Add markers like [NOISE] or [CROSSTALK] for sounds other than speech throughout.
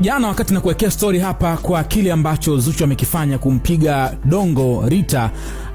Jana wakati nakuwekea stori hapa, kwa kile ambacho Zuchu amekifanya kumpiga dongo Rita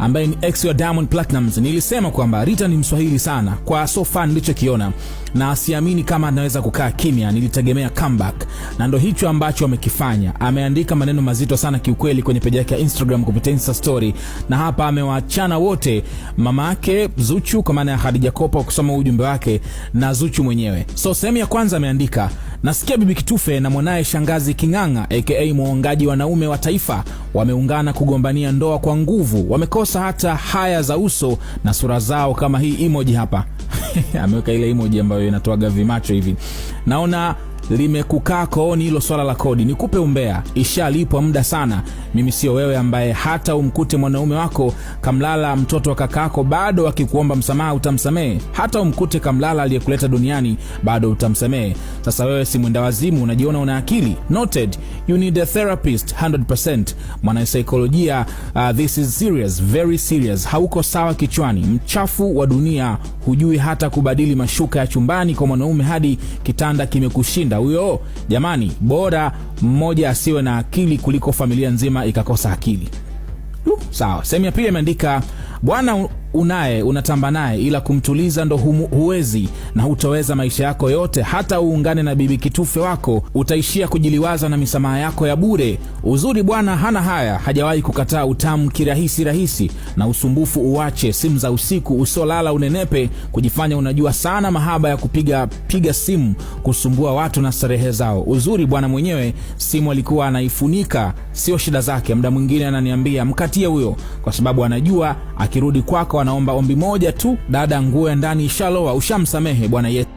ambaye ni ex wa Diamond Platnumz, nilisema kwamba Rita ni mswahili sana kwa so far nilichokiona, na siamini kama anaweza kukaa kimya. Nilitegemea comeback na ndo hicho ambacho amekifanya. Ameandika maneno mazito sana kiukweli kwenye peji yake ya Instagram kupitia Insta story, na hapa amewaachana wote, mama yake Zuchu kwa maana ya Khadija Kopa, kusoma ujumbe wake na Zuchu mwenyewe. So sehemu ya kwanza ameandika, nasikia bibi Kitufe na mwanaye shangazi King'ang'a aka muongaji wanaume wa taifa wameungana kugombania ndoa kwa nguvu, wamekosa hata haya za uso na sura zao kama hii emoji hapa [LAUGHS] ameweka ile emoji ambayo inatoaga vimacho hivi. Naona limekukaa kooni hilo swala la kodi. Nikupe umbea, ishalipwa muda sana. Mimi sio wewe ambaye hata umkute mwanaume wako kamlala mtoto wa kakaako, bado akikuomba msamaha utamsamehe. Hata umkute kamlala aliyekuleta duniani, bado utamsamehe. Sasa wewe si mwenda wazimu, unajiona una akili? Noted, you need a therapist 100%. Mwanasaikolojia, uh, this is serious, very serious. Hauko sawa kichwani, mchafu wa dunia, hujui hata kubadili mashuka ya chumbani kwa mwanaume hadi kitanda kimekushinda. Huyo jamani, bora mmoja asiwe na akili kuliko familia nzima ikakosa akili. Sawa, sehemu ya pili ameandika bwana unaye unatamba naye, ila kumtuliza ndo huwezi na hutoweza maisha yako yote. Hata uungane na bibi kitufe wako, utaishia kujiliwaza na misamaha yako ya bure. Uzuri bwana hana haya, hajawahi kukataa utamu kirahisi rahisi. Na usumbufu uwache, simu za usiku, usiolala unenepe, kujifanya unajua sana mahaba ya kupiga piga simu, kusumbua watu na starehe zao. Uzuri bwana mwenyewe simu alikuwa anaifunika, sio shida zake. Muda mwingine ananiambia mkatie huyo, kwa sababu anajua akirudi kwako anaomba ombi moja tu, dada nguo ya ndani ishaloa, ushamsamehe Bwana Yesu,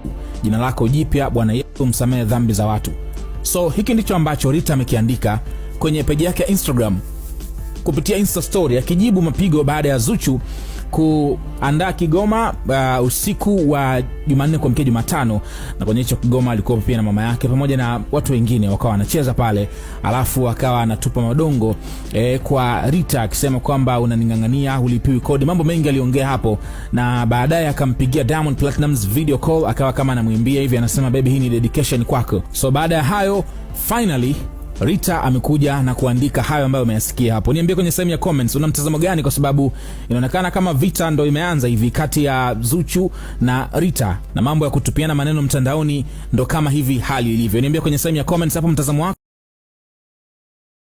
jina lako jipya Bwana Yesu, msamehe dhambi za watu. So hiki ndicho ambacho Rita amekiandika kwenye peji yake ya Instagram kupitia insta story, akijibu mapigo baada ya Zuchu kuandaa Kigoma uh, usiku wa Jumanne kuamkia Jumatano, na kwenye hicho Kigoma alikuwa pia na mama yake pamoja na watu wengine, wakawa wanacheza pale, alafu akawa anatupa madongo eh, kwa Rita akisema kwamba unaning'ang'ania, ulipiwi kodi. Mambo mengi aliongea hapo, na baadaye akampigia Diamond Platnumz video call, akawa kama anamwimbia hivi, anasema bebi hii ni dedication kwako. So baada ya hayo finally Rita amekuja na kuandika hayo ambayo ameyasikia hapo. Niambie kwenye sehemu ya comments una mtazamo gani, kwa sababu inaonekana kama vita ndo imeanza hivi kati ya Zuchu na Rita, na mambo ya kutupiana maneno mtandaoni ndo kama hivi hali ilivyo. Niambie kwenye sehemu ya comments hapo mtazamo wako.